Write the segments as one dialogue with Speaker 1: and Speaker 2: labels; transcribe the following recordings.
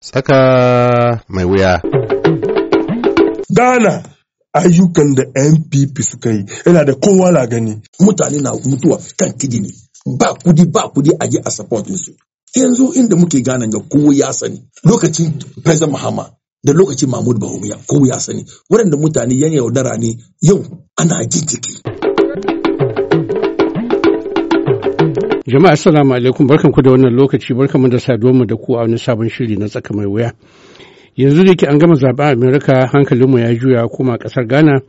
Speaker 1: Saka mai wuya. Ghana ayyukan
Speaker 2: da NPP suka yi yana da kowa na gani. Mutane na mutuwa kan kidi ne. Ba kudi ba kudi a yi a supportin su. Yanzu inda muke gana ga kowa ya sani. Lokacin President Mahama da lokacin Mahmud Bahumiya kowa ya sani. Waɗanda mutane yan yaudara ne yau ana jin ciki.
Speaker 3: Jama'a assalamu alaikum barkanku da wannan lokaci mu da saduwarmu da ku a wani sabon shiri na tsaka mai wuya. Yanzu da ke an gama zaɓen Amerika mu ya juya kuma ƙasar Ghana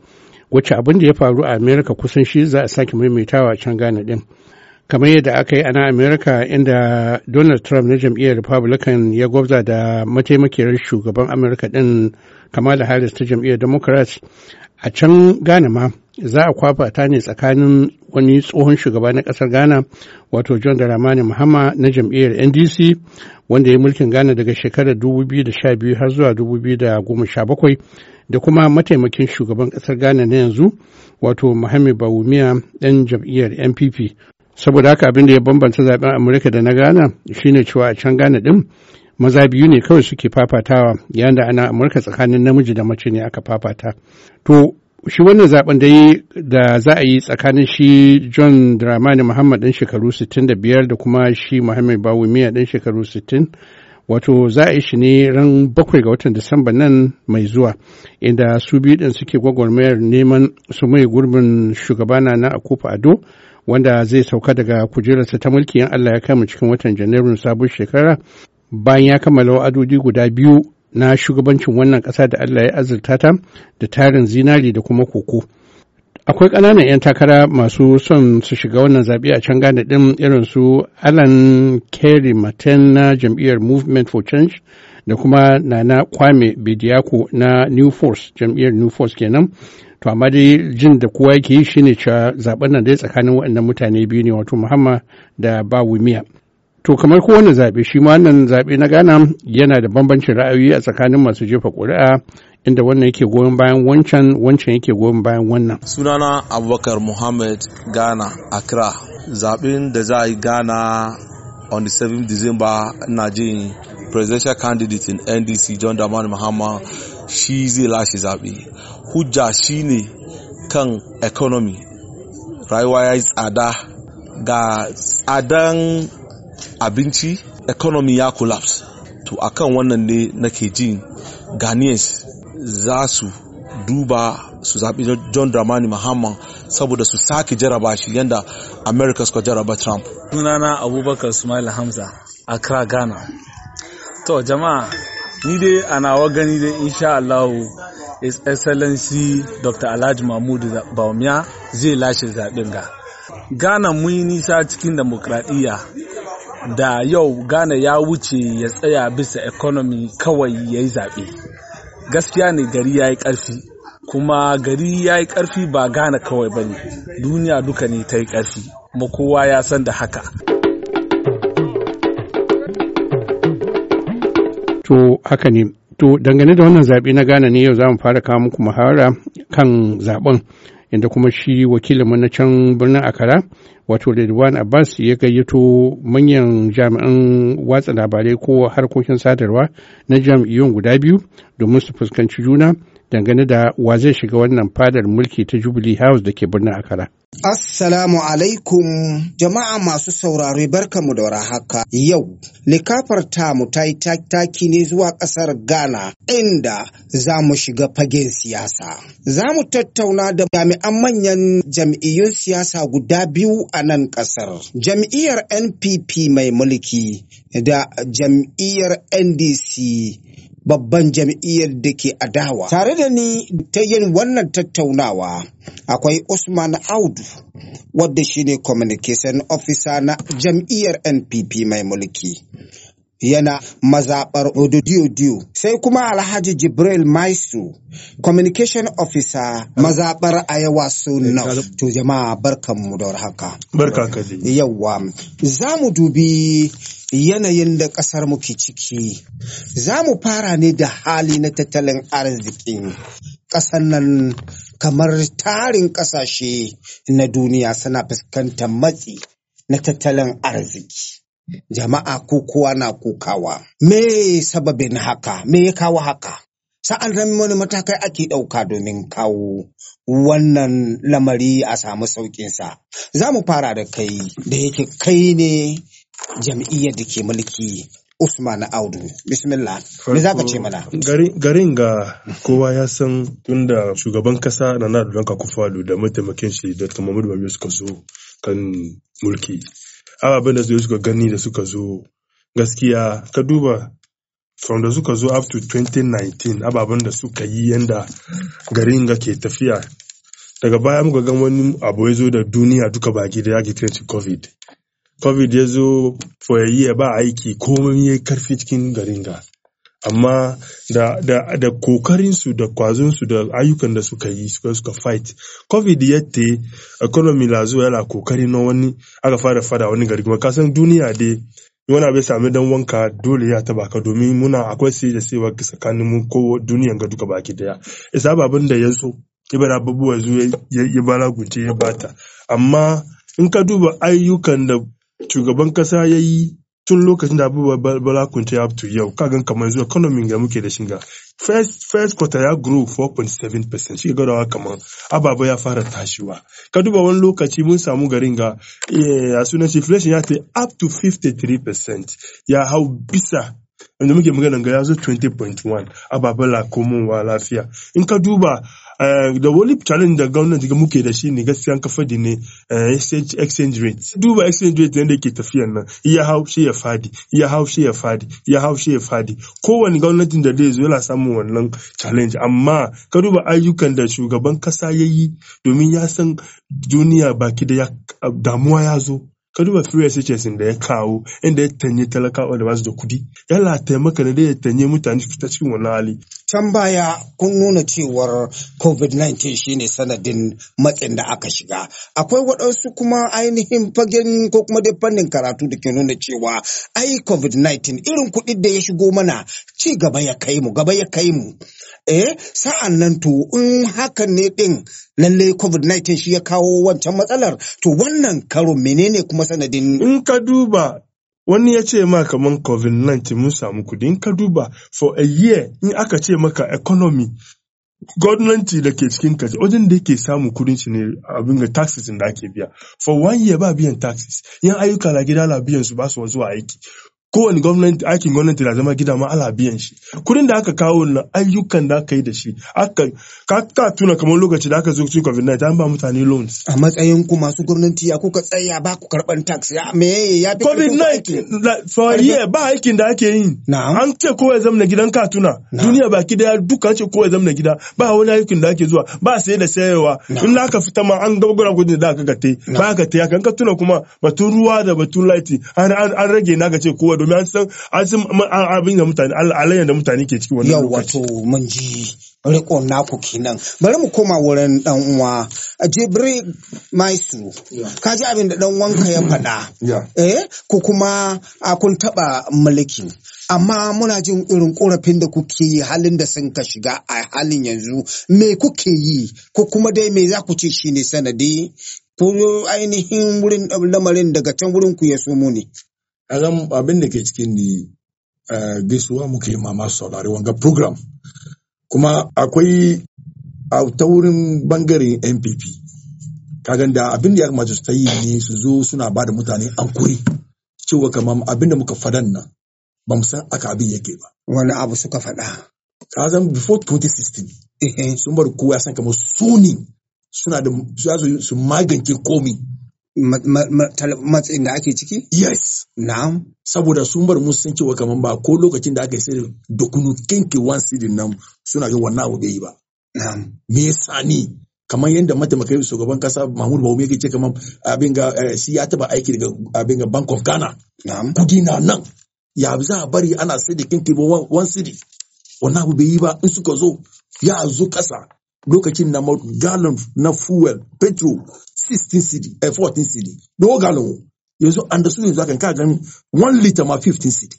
Speaker 3: wacce abin da ya faru a Amerika kusan shi za a sake maimaitawa can Ghana ɗin. Kamar yadda aka yi a Amerika inda Donald Trump na jam'iyyar Republican ya gwabza da mataimakiyar shugaban Amerika din Kamala Harris ta jam'iyyar Democrats a can Ghana ma za a kwafa ta ne tsakanin wani tsohon shugaba na kasar ghana wato john dramani muhammad na jam'iyyar ndc wanda ya mulkin ghana daga shekarar 2012 har zuwa 2017 da kuma mataimakin shugaban kasar ghana na yanzu wato muhammad bawumia ɗan jam'iyyar npp saboda haka abin da ya bambanta zaben amurka da na ghana shine cewa a can ghana din maza biyu ne kawai suke fafatawa yayin da ana amurka tsakanin namiji da mace ne aka fafata to shi wannan zaben da da za a yi tsakanin shi john dramani muhammad ɗan shekaru 65 da kuma shi muhammad miya ɗan shekaru 60 wato za a yi shi ne ran bakwai ga watan disamba nan mai zuwa inda su biyu ɗin suke gwagwarmayar neman su mai gurbin shugabana na akufa ado wanda zai sauka daga kujerarsa ta mulki in allah ya kama cikin watan janairun sabon shekara bayan ya kammala wa'adodi guda biyu na shugabancin wannan ƙasa da Allah ya azurta ta da tarin zinari da kuma koko. Akwai ƙananan 'yan takara masu son su shiga wannan zaɓe a can gane ɗin irin su Alan Kerry Martin na jam'iyyar Movement for Change da kuma Nana Kwame Bediako na New Force jam'iyyar New Force kenan. To amma dai jin da kowa yake yi shine cewa zaɓen nan dai tsakanin waɗannan mutane biyu ne wato Muhammad da Bawumiya. To kamar kowane zaɓe shi ma wannan zaɓe na Ghana yana da bambancin ra'ayoyi a tsakanin masu jefa ƙuri'a inda wannan yake goyon bayan wancan wancan yake goyon bayan wannan.
Speaker 2: Sunana Abubakar Muhammad Ghana Accra zaɓen da za a yi Ghana on the 7th December na jin presidential candidate in NDC John Dramani Mahama shi zai lashe zaɓe. Hujja shi ne kan economy rayuwa ya yi tsada ga tsadan abinci economy ya collapse to akan wannan ne nake jin ghanaians za su duba su zaɓi john dramani mahamman saboda su sake jaraba shi yadda america suka jaraba trump
Speaker 4: sunana abubakar Smail hamza accra ghana to jama'a
Speaker 2: ni dai a nawa gani dai insha allahu is excellency dr alhaji mahmud baumia zai lashe zaɓen ga ghana mun yi nisa cikin demokradiyya da yau Ghana ya wuce ya tsaya bisa economy kawai ya yi zaɓe. Gaskiya ne gari ya yi ƙarfi, kuma gari ya yi ƙarfi ba Ghana kawai ba ne, duniya duka ne ta yi ƙarfi, kuma kowa ya san da haka.
Speaker 3: To haka ne, to dangane da wannan zaɓe na Ghana ne yau za mu fara kawo muku muhawara kan zaɓen. inda kuma shi wakilinmu na can birnin akara wato Ridwan Abbas ya gayyato manyan jami'an watsa labarai ko harkokin sadarwa na jam'iyyun guda biyu domin su fuskanci juna dangane da wa zai shiga wannan fadar mulki ta Jubilee House da ke birnin Akara.
Speaker 4: Assalamu alaikum jama'a masu saurare mu da warhaka yau likafar tamu ta yi taki ne zuwa ƙasar Ghana inda za mu shiga fagen siyasa. Za mu tattauna da jami'an manyan jam'iyyun siyasa guda biyu a nan ƙasar. Jam'iyyar NPP mai mulki da jam'iyyar NDC babban jam'iyyar da ke adawa. Tare da ni ta yin wannan tattaunawa akwai Usman Audu wadda shine communication officer na jam'iyyar NPP mai mulki. yana mazaɓar diyo. sai kuma Alhaji Jibril Maisu, Communication Officer mazaɓar Ayawa South. Eh, to jama'a barkanmu da haka. Barka ka Yawwa, za mu dubi yanayin da ƙasar mu ke ciki. Za mu fara ne da hali na tattalin arzikin ƙasar nan kamar tarin ƙasashe na duniya suna fuskantar matsi na tattalin arziki. Jama'a ko kowa na kokawa. Me sababin haka? Me ya kawo haka? Sa'an nan wani matakai ake ɗauka domin kawo wannan lamari a samu sauƙinsa. Za mu fara da kai da yake kai ne jam'iyyar da ke mulki Usman Audu. Bismillah. Me za ka ce mana?
Speaker 1: Garin ga kowa ya san tunda shugaban kasa na Nadu Danka Kufalu da mataimakin shi da Muhammadu Babiyo suka zo kan mulki. Ababen da suka gani da suka zo gaskiya ka duba from da suka zo up to 2019 ababen da suka yi yanda garin ga ke tafiya daga baya muka gan wani abu ya zo da duniya duka baki da ya ke covid covid ya zo ya ba aiki komai ya karfi cikin garin ga amma da da da kokarin da da ayyukan da suka yi suka suka fight covid ya te economy la zo yana kokari na wani aka fara fada wani gari kuma kasan duniya dai wani abu sami dan wanka dole ya taba ka domin muna akwai sai da sai tsakanin mu ko duniyan ga duka baki daya isa babin da ya so ya abubuwa ya ya balagunce ya bata amma in ka duba ayyukan da shugaban kasa ya yi tun lokacin da abubuwa bala kunta ya to yau kagan kamar zuwa economy da muke da shiga first first quarter ya grow 4.7% shi gadawa kamar ababa ya fara tashiwa ka duba wani lokaci mun samu garin ga eh, a sunan inflation ya ta up to 53% ya hau bisa inda muke magana ga ya zo 20.1 ababala komowa lafiya in ka duba da eh, wani challenge da gwamnati ga muke da shi ne gaskiya ka kafa ne eh, exchange rate duba exchange rate yadda ke tafiya nan iya hau shi ya fadi iya hau shi ya fadi iya hau shi ya fadi kowane gwamnatin da zai zo yana samun wannan challenge amma ka duba ayyukan da shugaban kasa ya yi domin ya san duniya baki da damuwa ya zo ka duba free SHS da ya kawo inda ya tanye talakawa da basu da kudi yalla taimaka da ya tanye mutane
Speaker 4: ta cikin wani hali can baya kun nuna cewar covid-19 shine sanadin matsin da aka shiga akwai waɗansu kuma ainihin fagen ko kuma dai fannin karatu da ke nuna cewa ai covid-19 irin kuɗi da ya shigo mana ci gaba ya kai mu gaba ya kai mu eh sa'an nan to in hakan ne ɗin lalle covid-19 shi ya kawo wancan matsalar to wannan karo menene kuma sanadin in ka duba wani ya ce ma kamar covid-19 mun samu kudi in ka duba
Speaker 1: for a year in aka ce maka economy gwamnati da ke cikin kaji wajen da yake samun kudin shi ne abin ga taxes da ake biya for one year ba biyan taxes yan ayyuka na gida na biyan su ba su zuwa aiki kowane gwamnati aikin gwamnati na zama gida ma ala biyan shi kudin da aka kawo na ayyukan da aka yi da shi aka ka tuna kamar lokaci da aka zo
Speaker 4: cikin covid-19 an ba mutane loans a matsayin ku masu gwamnati ya kuka tsaya ba ku karban tax ya meye ya fi covid-19
Speaker 1: for year ba aikin da ake yi an ce kowa ya zama gidan ka tuna duniya baki daya duka ce kowa ya zama gida ba wani aikin da ake zuwa ba sai da sayarwa in da aka fita ma an gabgara gudun da aka gate ba aka te ya kan ka tuna kuma batun ruwa da batun light an rage na ga ce kowa domin an san an san abin da mutane alayyar da
Speaker 4: mutane ke ciki wannan lokaci. wato mun ji rikon naku kenan. Bari mu koma wurin dan uwa Jibri Maisu. Ka ji abin da dan wanka ya faɗa. Eh ko kuma a kun taɓa mulki. Amma muna jin irin korafin da kuke yi halin da sun ka shiga a halin yanzu me kuke yi ko kuma dai me za ku ce shine sanadi ko ainihin wurin lamarin daga can wurin ku ya mu ne. kaga abin da ke cikin ni eh, gaisuwa muke ma mamasu
Speaker 2: saurari wanga program kuma akwai a ta wurin bangaren npp kagan da abin da ya kamata su ta yi ne su zo suna ba da mutane an kuri, cewa kamar abin da muka fadan nan ba mu san aka abin yake ba wani abu suka faɗa kazan before 2016 sun bar kowa san kamar su ne suna da su magance komi matsayin da ake ciki? Yes. Na'am. Saboda sun bar mu sun cewa kamar ba ko lokacin da aka yi sai da kunu kinki wan sidin nan suna ga wannan abu bai yi ba. Na'am. Me yasa ni kamar yadda mataimakai shugaban kasa Mahmud Bawumi yake ce kamar abin ga eh, shi ya taba aiki daga abin ga Bank of Ghana. Na'am. Kudi na nan. Ya za a bari ana sai da kinki wan sidi. Wannan abu bai yi ba in suka zo ya zo kasa lokacin na gallon na fuel petrol 16 cd eh, 14 cd do gallon yanzu an da su yanzu akan ka gani 1 liter ma 15 cd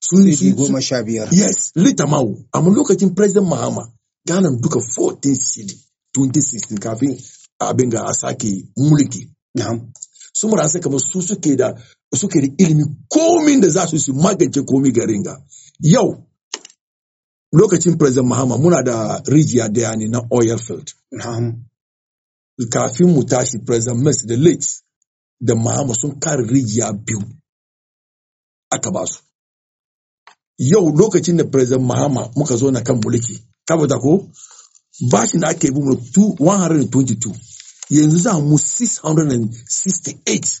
Speaker 2: sun yi goma sha biyar yes liter ma amma lokacin president mahama gallon duka 14 cd 2016 kafin abin ga a sake mulki su mura sai kamar su suke da suke da ilimi komin da za su su magance komi garin ga yau lokacin president mahama muna da rijiya daya ne na oil field kafin mu tashi president mess da late da mahama sun kare rijiya biyu aka ba su yau lokacin da president mahama muka zo na kan mulki kabata ko bashin da ake bi 122 yanzu za mu 668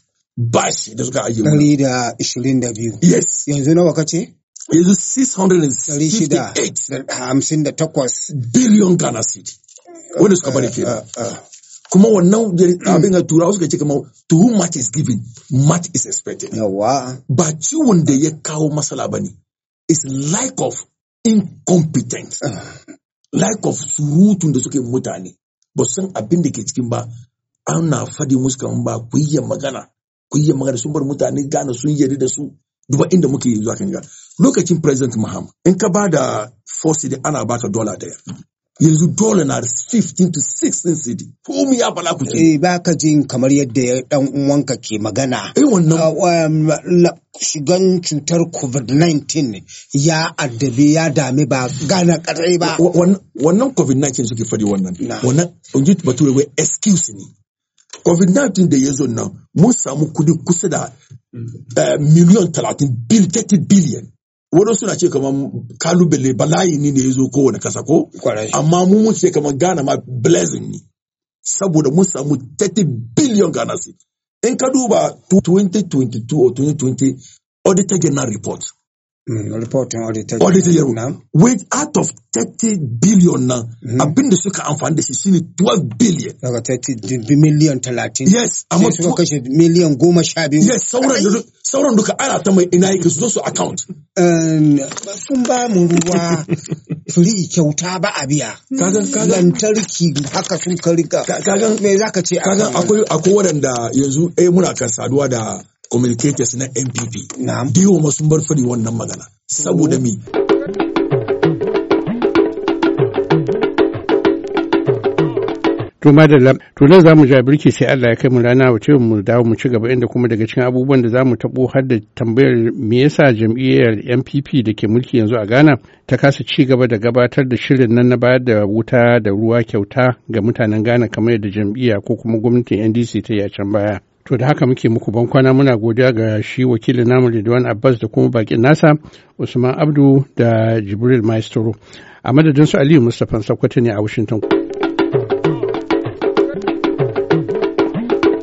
Speaker 2: bashi
Speaker 4: da suka ajiye mu 122 yes yanzu nawa kace yanzu 658 billion Ghana city. wanda suka bari
Speaker 2: kenan kuma wannan abin a turawa suka ce kama to whom much is given much is expected ba ciwon da ya kawo masala ba ne is lack of incompetence uh. lack of surutun da suke mutane ba san abin da ke cikin ba ana fadi musu kamar ba ku yi magana ku yi magana sun bar mutane gana sun yarda da su duba inda muke zuwa kan ga lokacin president maham in ka ba da force da ana baka dola daya yanzu dola na 15 to 16
Speaker 4: cd ko mu ya bala ku ce eh, ba ka jin kamar yadda dan uwanka ke magana eh wannan ah, um, shigan cutar covid-19 ya addabi ya dami ba gana kadai ba wannan covid-19 suke fadi wannan wannan unji
Speaker 2: bature wai excuse ne covid-19 da ya zo nan mun samu kudi kusa da eh, miliyan talatin biliyan wani suna ce kamar kalubale bala'i ne da ya zo kowane kasa ko amma mu mun ce kamar Gana ma blessing ne saboda mun samu 30 billion gana cedi in ka duba 2022 or 2020 auditor general report Mm, reporting auditor auditor
Speaker 4: yaro wage out of 30 billion nan mm. Mm-hmm. abinda suka amfani da shi shi shine 12 billion daga 30 million talatin. yes amma suka kashe miliyan goma sha biyu yes sauran sauran duka ana ta mai ina yake su zo su account sun ba mu ruwa free kyauta ba a biya kagan kagan lantarki haka sun ka rika kagan me zaka ce kagan akwai
Speaker 2: akwai waɗanda yanzu eh
Speaker 4: muna kan saduwa da
Speaker 2: communicators na npp diwa ma sun bar fari wannan magana saboda mi
Speaker 3: To madalla, to nan za mu ja birki sai Allah ya kai mu rana wace mu dawo mu ci gaba inda kuma daga cikin abubuwan da za mu taɓo har da tambayar me yasa jam'iyyar MPP da ke mulki yanzu a Ghana ta kasa ci gaba da gabatar da shirin nan na bayar da wuta da ruwa kyauta ga mutanen Ghana kamar yadda jam'iyya ko kuma gwamnatin NDC ta yi a can baya. To da haka muke muku bankwana muna godiya ga shi wakilin namu Ridwan Abbas da kuma bakin nasa Usman Abdu da Jibril Maestro. A madadin su Aliyu Mustapha Sakwato ne a Washington.